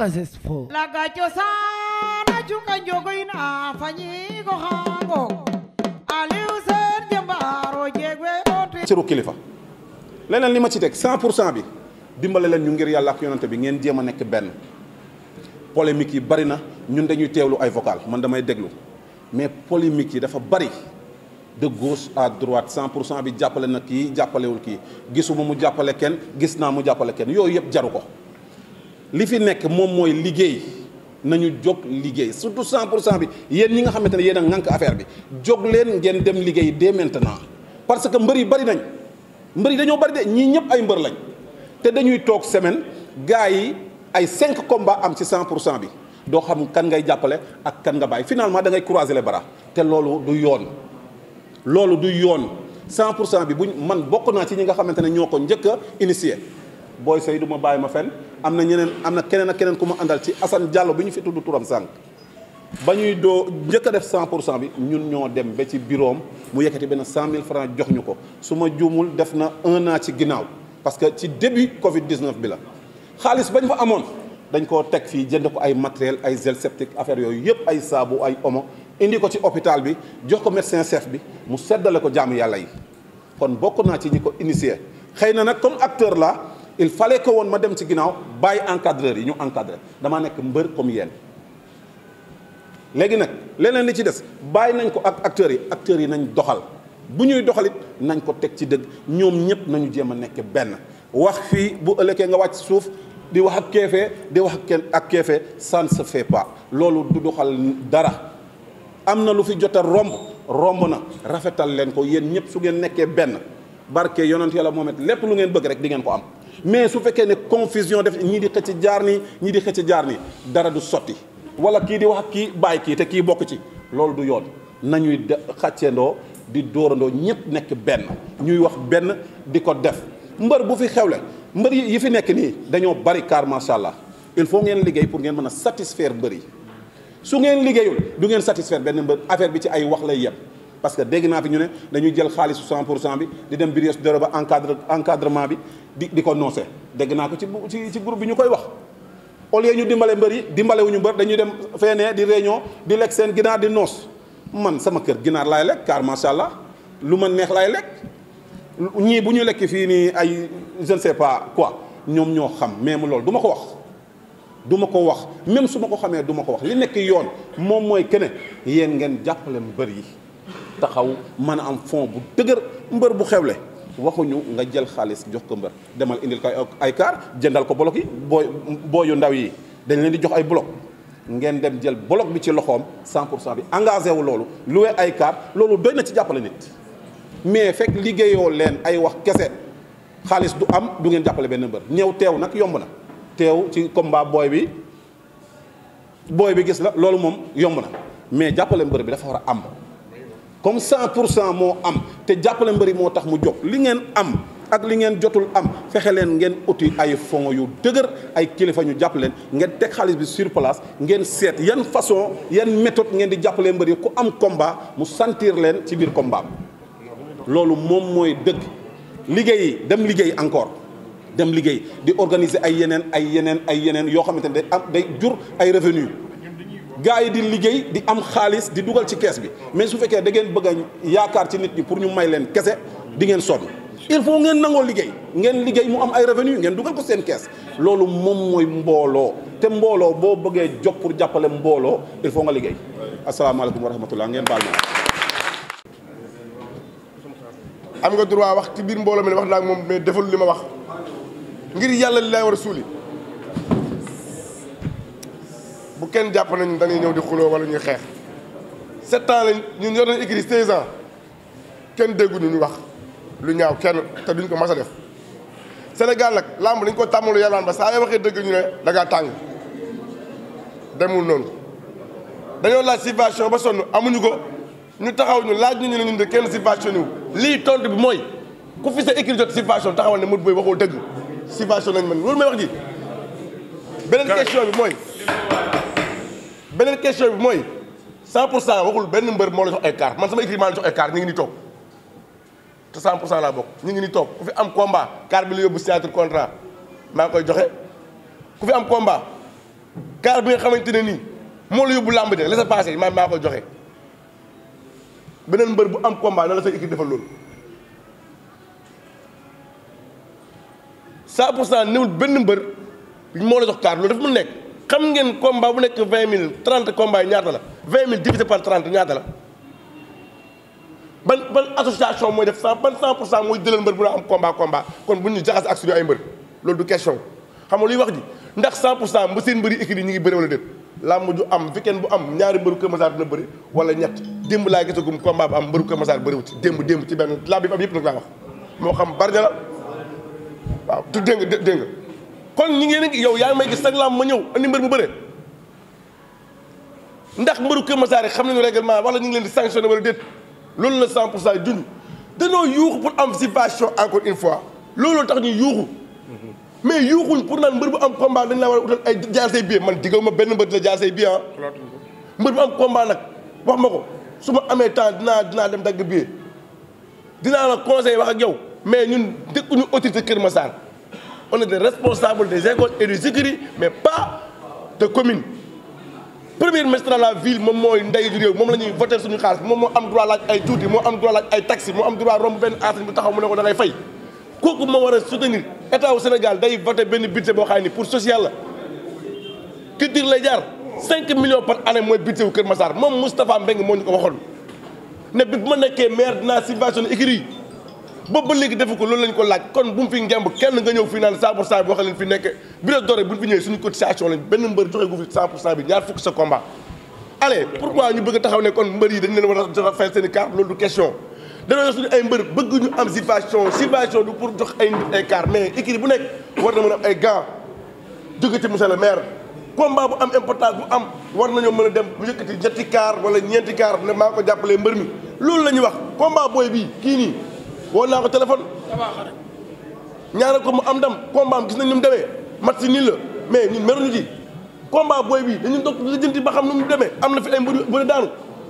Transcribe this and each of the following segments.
Aziz Fo laga cosaan a cuka kilifa leneen li ma ci teg cent pour cent bi dimbale leen ñu ngir yàlla ak yonante bi ngeen jéem a nekk benn polémique yi bari na ñun dañuy teewlu ay vocal man damay déglu mais polémique yi dafa bari de gauche à droite pour cent bi jàppale na kii jàppalewul kii gisuma mu jàppale kenn gis naa mu jàppale kenn yooyu yëpp jaru ko li fi nekk moom mooy liggéey nañu jóg liggéey surtout 100 cent bi yéen ñi nga xamante ne yéen a ŋànk affaire bi jóg leen ngeen dem liggéey dès maintenant parce que mbër yi bari nañ mbër dañoo bari de ñii ñëpp ay mbër lañ te dañuy toog semaine gars yi ay 5 combats am ci 100 pour cent bi doo xam kan ngay jàppale ak kan nga bàyyi finalement da ngay croiser les te loolu du yoon loolu du yoon 100 cent bi buñ man bokk naa ci ñi nga xamante ne ñoo ko njëkk a initié booy say ma bàyyi ma fenn. am na ñeneen am na keneen ak keneen ku ma àndal ci Assane Diallo bi ñu fi tudd turam sànq ba ñuy doo njëkka def 100 pour cent bi ñun ñoo dem ba ci biroom am mu yëkkati benn 100000 francs jox ñu ko su ma juumul def na un naa ci ginnaaw parce que ci début Covid 19 bi la xaalis bañ fa amoon dañ koo teg fii jënd ko ay matériel ay gel septique affaire yooyu yëpp ay saabu ay omo indi ko ci hôpital bi jox ko médecin chef bi mu seddale ko jaamu yàlla yi kon bokk naa ci ñi ko initié xëy na nag comme il fallait que woon ma dem ci ginnaaw bàyyi encadreur yi ñu encadré damaa nekk mbër comme yéen léegi nag leneen li ci des bàyyi nañ ko ak acteurs yi acteurs yi nañ doxal bu ñuy doxalit nañ ko teg ci dëgg ñoom ñëpp nañu jéem a nekkee benn wax fii bu ëllëgee nga wàcc suuf di wax ak keefee di wax ak keefee ça ne se fait pas loolu du doxal dara am na lu fi jotal a romb romb na rafetal leen ko yéen ñëpp su ngeen nekkee benn barke yonent yàlla moom it lépp lu ngeen bëgg rek di ngeen ko am mais su fekkee ne confusion def ñii di xëcc jaar nii ñii di xëcc jaar nii dara du sotti wala kii di wax kii bàyyi kii te kii bokk ci loolu du yoon nañuy de xàccendoo di dóorandoo ñëpp nekk benn ñuy wax benn di ko def mbër bu fi xewle mbër yi fi nekk nii dañoo bari car macha allah il faut ngeen liggéey pour ngeen mën a satisfaire mbër yi su ngeen liggéeyul du ngeen satisfaire benn mbër affaire bi ci ay wax lay yem. parce que dégg naa fi ñu ne dañuy jël xaalisu 100 pour cent bi di dem biir doro ba encadre encadrement bi di di ko noncé dégg naa ko ci ci ci groupe bi ñu koy wax au lieu ñu dimbale mbër yi dimbale wuñu mbër dañuy dem feenee di réunion di lekk seen ginaar di noos man sama kër ginaar laay lekk car macha allah lu ma neex laay lekk ñii bu ñu lekk fii nii ay je ne sais pas quoi ñoom ñoo xam même loolu du ma ko wax duma ko wax même su ma ko xamee duma ko li nekk yoon moom mooy kene yéen ngeen jàppale mbër yi taxaw mën a am fond bu dëgër mbër bu xewle waxuñu nga jël xaalis jox ko mbër demal indil ko ay kaar jëndal ko bloc yi booy booy yu ndaw yi dañ leen di jox ay bloc ngeen dem jël bloc bi ci loxoom 100 pour cent bi engagé wu loolu loué ay kaar loolu doy na ci jàppale nit mais fekk liggéeyoo leen ay wax kese xaalis du am du ngeen jàppale benn mbër ñëw teew nag yomb na teew ci combat booy bi booy bi gis la loolu moom yomb na mais jàppale mbër bi dafa war a am comme 100 pour cent moo am te jàppale yi moo tax mu jóg li ngeen am ak li ngeen jotul am fexe leen ngeen uti ay fonds yu dëgër ay kilifa ñu jàpp leen ngeen teg xaalis bi sur ngeen seet yan façon yan méthode ngeen di jàppale mbëri ku am komba mu sentir leen ci biir kombaam loolu moom mooy dëgg liggéey dem liggéey encore dem liggéey di organiser ay yeneen ay yeneen ay yeneen yoo xamante ne day am day jur ay revenu gars yi di liggéey di am xaalis di dugal ci kees bi mais su fekkee da ngeen bëgg a yaakaar ci nit ñi pour ñu may leen kese di ngeen sonn il faut ngeen nangoo liggéey ngeen liggéey mu am ay revenu ngeen dugal ko seen kees loolu moom mooy mbooloo te mbooloo boo bëggee jóg pour jàppale mbooloo il faut nga liggéey asalaamaaleykum wa rahmatullah ngeen baal ma am nga droit wax ci biir mbooloo mi ne wax naa ak moom mais deful li ma wax ngir yàlla li lay war a suuli bu kenn jàpp nañ dañuy ñëw di xuloo wala ñuy xeex sept ans lañ ñun yor nañ écrit seize ans kenn dégguñu ñu wax lu ñaaw kenn te duñ ko mas a def Sénégal nag làmb dañ ko tàmmalu yàlwaan ba saa yoo waxee dëgg ñu ne da tàng demul noonu dañoo laaj situation ba sonn amuñu ko ñu taxaw ñu laaj ñu ñu ne ñun de kenn situation ñu lii tontu bi mooy ku fi sa écrit jot situation taxawal ne mut booy waxoo dëgg situation nañ mën loolu may wax ji bi mooy beneen question bi mooy 100 pour cent waxul mbër moo la jox ay carte man sama écrit maa la jox ay carte ni toog te 100 pour cent laa bokk ñu ngi ni toog ku fi am combat carte bi la yóbbu signature contrat maa koy joxe ku fi am combat carte bi nga ne nii moo làmb ja la sa maa maa koy joxe beneen mbër bu am combat na la sa écrit defal loolu 100 pour cent newul benn mbër moo la jox carte loolu daf mun nekk xam ngeen combat bu nekk vingt mille trente combat yi ñaata la vingt mille divisé par trente ñaata la ban ban association mooy def cent ban cent pour cent mooy jëlal mbër bu la am combat combat kon bu ñu jaxas ak suñu ay mbër loolu du question xam nga luy wax ji ndax cent pour cent ba seen mbëri équipe yi ñu ngi bëri wala déet làmb ju am weekend bu am ñaari mbëru Kër Massar dina bëri wala ñett démb laa gisagum combat bu am mbëru Kër Massar bëriwu ci démb démb ci benn làmb bi am yëpp nag laa wax moo xam bari na la waaw du dégg dégg kon ñi ngeen ngi yow yaa ngi may gis sag laam ma ñëw andi mbër mu bëre ndax mbëru Kër Masar yi xam nañu règlement wala ñu ngi leen di sanctionné wala déet loolu la 100 pour cent junj danoo yuuxu pour anticipation encore une fois looloo tax ñu yuuxu mais yuuxuñ pour naan mbër bu am combat dañ laa war a utal ay jaar say biir man diggaw ma benn mbër dina jaar say biir ah. mbër bu am combat nag wax ma ko su ma amee temps dinaa dinaa dem dagg biir dinaa la conseil ak yow mais ñun dëkkuñu autorité Kër Masar. on est des responsables des écoles et des écuries mais pas de commune premier magistrat la ville moom mooy ndeyu réew moom la ñuy voter suñu xaalis moom moo am droit laaj ay tuuti moo am droit laaj ay taxi moo am droit romb benn enseigne bu taxaw mu ne ko da ngay fay kooku ma war a soutenir état wu Sénégal day voter benn budget boo xam ne pour social la culture lay jaar cinq millions par année mooy budget wu Kër Massar moom Moustapha Mbengue moo ñu ko waxoon ne ma nekkee maire dinaa subventionné boobu ba defu ko loolu lañ ko laaj kon kenn nga fi nekk Brioche Dorée bu ñu fi ñëwee suñu cotisation lañ benn mbër joxe gu bëgg taxaw ne kon mbër yi dañ leen war a jox fay seen i carte loolu du question dañoo yor suñu ay ñu am situation situation du pour jox ay nit ay carte mais écrit bu nekk war na mën a am ay gants jóge ci monsieur le maire combat bu am important bu am war nañoo mën a dem bu yëkkati ñetti car wala ñeenti car ne maa ko jàppalee mbër mi loolu la ñuy wax combat booy bii kii nii woo naa ko téléphone ñaanal ko mu am ndam combat gis nañ ni mu demee mat si nii la mais ñun meruñu ci combat booy bii dañu doog lijjanti ba xam nu mu demee am na fi ay mbir bëri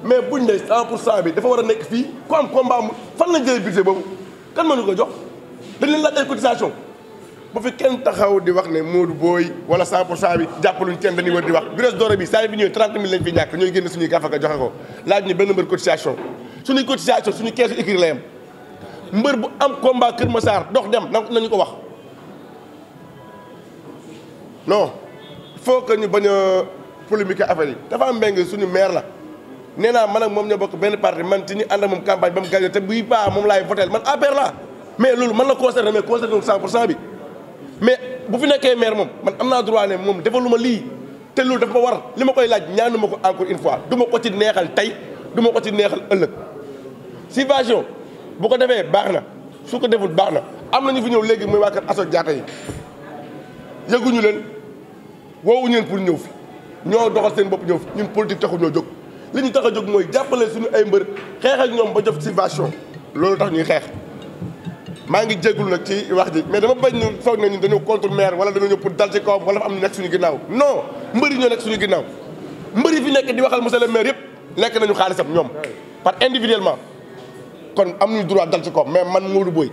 mais buñ ne 100 pour cent bi dafa war a nekk fii ku am combat mu fan lañ jëlee budget boobu kan mënu ko jox dañ leen laaj ay cotisation bu fi kenn taxaw di wax ne Modou Boy wala 100 pour cent bi jàppaluñ kenn dañuy war di wax Brioche Dorée bi saa bi ñëwee 30 000 lañ fi ñàkk ñooy génn suñuy gafaka joxe ko laaj ñu benn mbër cotisation suñuy cotisation suñu keesu écrit la yam mbër bu am combat Kër Massar dox dem na nañu ko wax non il faut que ñu bañ a polémique affaire yi dafa mbeng suñu meer la nee naa man ak moom ñoo bokk benn parti man ci ñu ànd moom campagne ba mu gagné te bii paa moom laay voté man APR la mais loolu man la concerné mais concerné wu 100 pour cent bi mais bu fi nekkee maire moom man am naa droit moom defalu ma lii te loolu dafa ma war li ma koy laaj ñaanuma ko encore une fois du ma ko ci neexal tey du ma ko ci neexal ëllëg subvention bu ko defee baax na su ko deful baax na am na ñu fi ñëw léegi muy waa kër aso jaata yi yëguñu leen woowuñu leen pour ñëw fi ñoo doxal seen bopp ñëw fi ñun politique taxu ñoo jóg li ñu tax a jóg mooy jàppale suñu ay mbër xeex ak ñoom ba jot subvention loolu tax ñuy xeex maa ngi jégalu nag ci wax ji mais dama bañ ñu foog ne ñun dañoo contre maire wala dañoo pour dal ci kawam wala am ñu nekk suñu ginnaaw non mbër yi ñoo nekk suñu ginnaaw mbër yi fi nekk di waxal monsieur le yëpp lekk nañu xaalisam ñoom par individuellement kon am nañu droit dal ci kaw mais man Modou Boye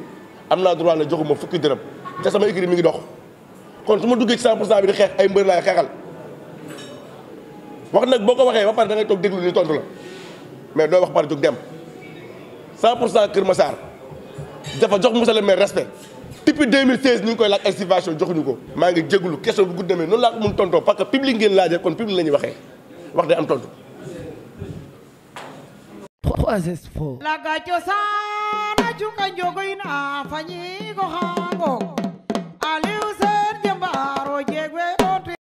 am naa droit la joxuma fukki dërëm te sama écurie mi ngi dox kon su ma duggee ci 100 pour cent bi di xeex ay wax nag boo ko waxee ba pare da ngay toog déglu ni la mais doo wax pare jóg dem 100 pour cent Kër Massar dafa jox monsieur le maire respect depuis 2016 ñu ngi koy laaj ay situation joxuñu ko maa ngi jégalu question bu gudd demee noonu laa ko mun tontoo parce que ngeen laajee kon public la ñuy waxee wax day am tontu. 3S4 laga cosaan a cuka njogoy na fañi go xaango Aliou